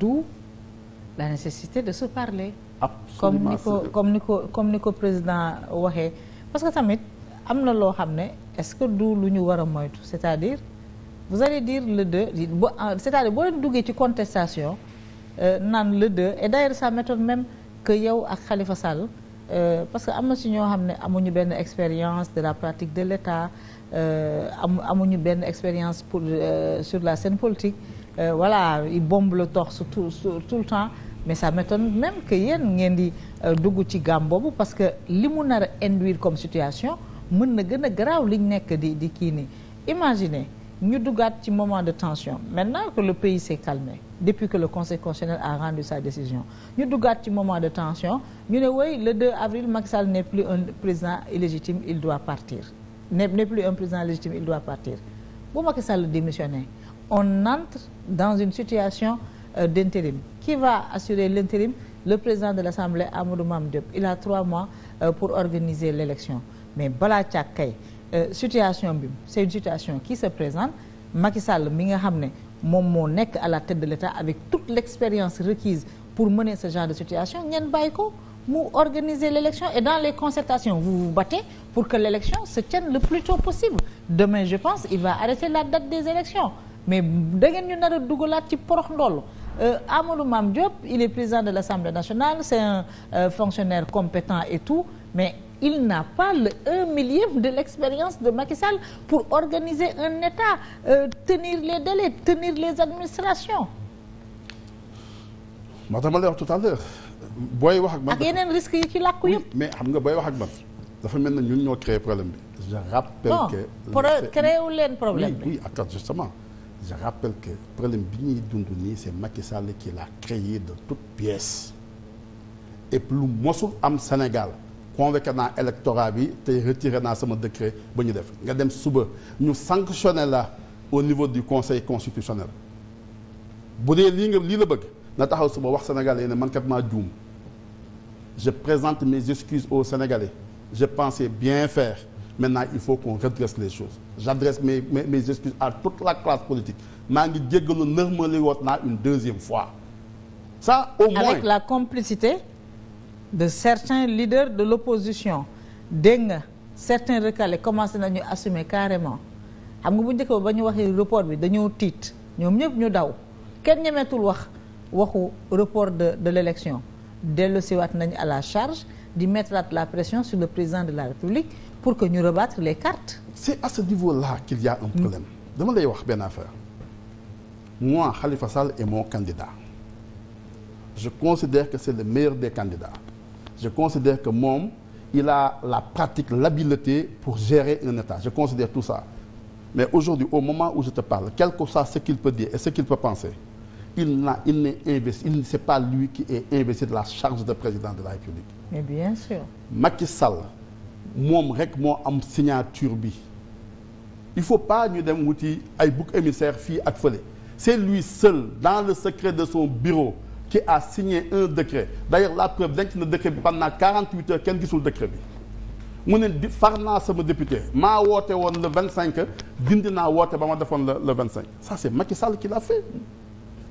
d'où la nécessité de se parler Absolument. comme ni ko comme ni ko comme ni ko président waxee parce que tamit am na loo xam ne est-ce que du lu ñu war a moytu c'est-à-dire vous allez dire le deux ah, c'est-à-dire boo leen duggee ci contestation euh, naan le deux et d'ailleurs ça m'étonne même que yow ak xalifa Sall euh, parce que am na si ñoo xam ne amuñu benn expérience de la pratique de l'État euh, amu amuñu benn expérience pour sur la scène politique euh, voilà ils bombent le torse tout tout le temps mais ça m'étonne même que yéen ngeen di euh, dugg ci gaam boobu parce que li mu nar a induire comme situation mën na gën a garaaw liñ nekk di di kii nii imaginez ñu duggaat ci moment de tension maintenant que le pays s'est calmé depuis que le conseil constitutionnel a rendu sa décision ñu duggaat ci moment de tension ñu ne woy le 2 avril Macky Sall n'est plus un président illégitime il doit partir n'est plus un président légitime il doit partir bu Macky Sall démissionné on entre dans une situation euh, d'intérim. Qui va assurer l'intérim Le président de l'Assemblée, Amadou Mam Diop. Il a trois mois euh, pour organiser l'élection. Mais balaa càkk kay euh, situation bi c'est une situation qui se présente Macky Sall mi nga xam ne moom moo nekk à la tête de l'État avec toute l'expérience requise pour mener ce genre de situation ngen bàyyi ko mu organiser l'élection et dans les concertations vous vous battez pour que l'élection se tienne le plus tôt possible demain pense il va arrêter la date des élections mais da ngeen ñu nar a dugalaat ci porox ndoll euh, Amadou Mame Diop il est président de l'Assemblée nationale c'est un euh, fonctionnaire compétent et tout mais il n'a pas le un millième de l'expérience de Macky Sall pour organiser un État euh, tenir les délais tenir les administrations ma dama lay wax tout à l'heure booy wax ak man ak yeneen risques yi ci làkku yëpp mais xam nga booy wax ak man dafa mel na ñun ñoo créé problème bi je rappelle que créé leen problème bi je rappelle que problème bi ñuy dund nii c'est Macky Sall qui l'a créé de toutes pièces et lu mosul am Sénégal convoqué naa électorat bi tey retiré naa sama décret ba ñu def nga dem suba ñu sanctionné la au niveau du conseil constitutionnel bu dee lii nga lii la bëgg na taxaw suba wax sénégal yi ne man kat maa juum je présente mes excuses aux Sénégalais je pensais bien faire maintenant il faut qu'on redresse les choses j'adresse mes, mes mes excuses à toute la classe politique maa ngi jéggalu nërmali woot naa une deuxième fois ça au moins avec la complicité de certains leaders de l'opposition dégg nga certains recalés commencé nañu assumer carrément xam nga bu njëkk ba ba ñu waxee report bi dañoo tiit ñoom ñëpp ñu daw kenn ñemeetul wax waxu report de de l'élection dellu siwaat nañu à la charge di mettre la pression sur le président de la République pour que ñu rebattre les cartes. c'est à ce niveau-là qu'il y a un problème. dama lay wax benn affaire. moi Khalifa Sall est mon candidat. je considère que c'est le meilleur des candidats. je considère que moom il a la pratique l'habileté pour gérer un État je considère tout ça. mais aujourd'hui au moment où je te parle quel que soit ce qu'il peut dire et ce qu'il peut penser. il n'a il n'est investi il c'est pas lui qui est investi de la charge de président de la République. mais bien sûr. Macky Sall rek moo am signature bi il faut pas ñu dem wuti ay bouc émissaire fii ak fële c'est lui seul dans le secret de son bureau qui a signé un décret d'ailleurs la preuve denc na décret bi pendant 48 heures kenn gisul décret bi. mu ne di far naa sama député maa woote woon le 25 dindi naa woote ba ma defoon le le 25 ça c'est Macky Sall qui l'a fait.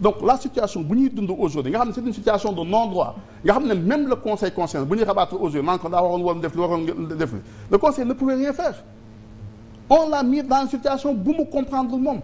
donc la situation bu ñuy dund aujourd'hui nga xam ne situation de non-droit nga xam ne même le conseil concerné bu ñuy rabattre aujourd'hui man ko daa waroon woon def li waroon def li le conseil ne pouvait rien faire on l'a mis dans une situation bu mu comprendre moom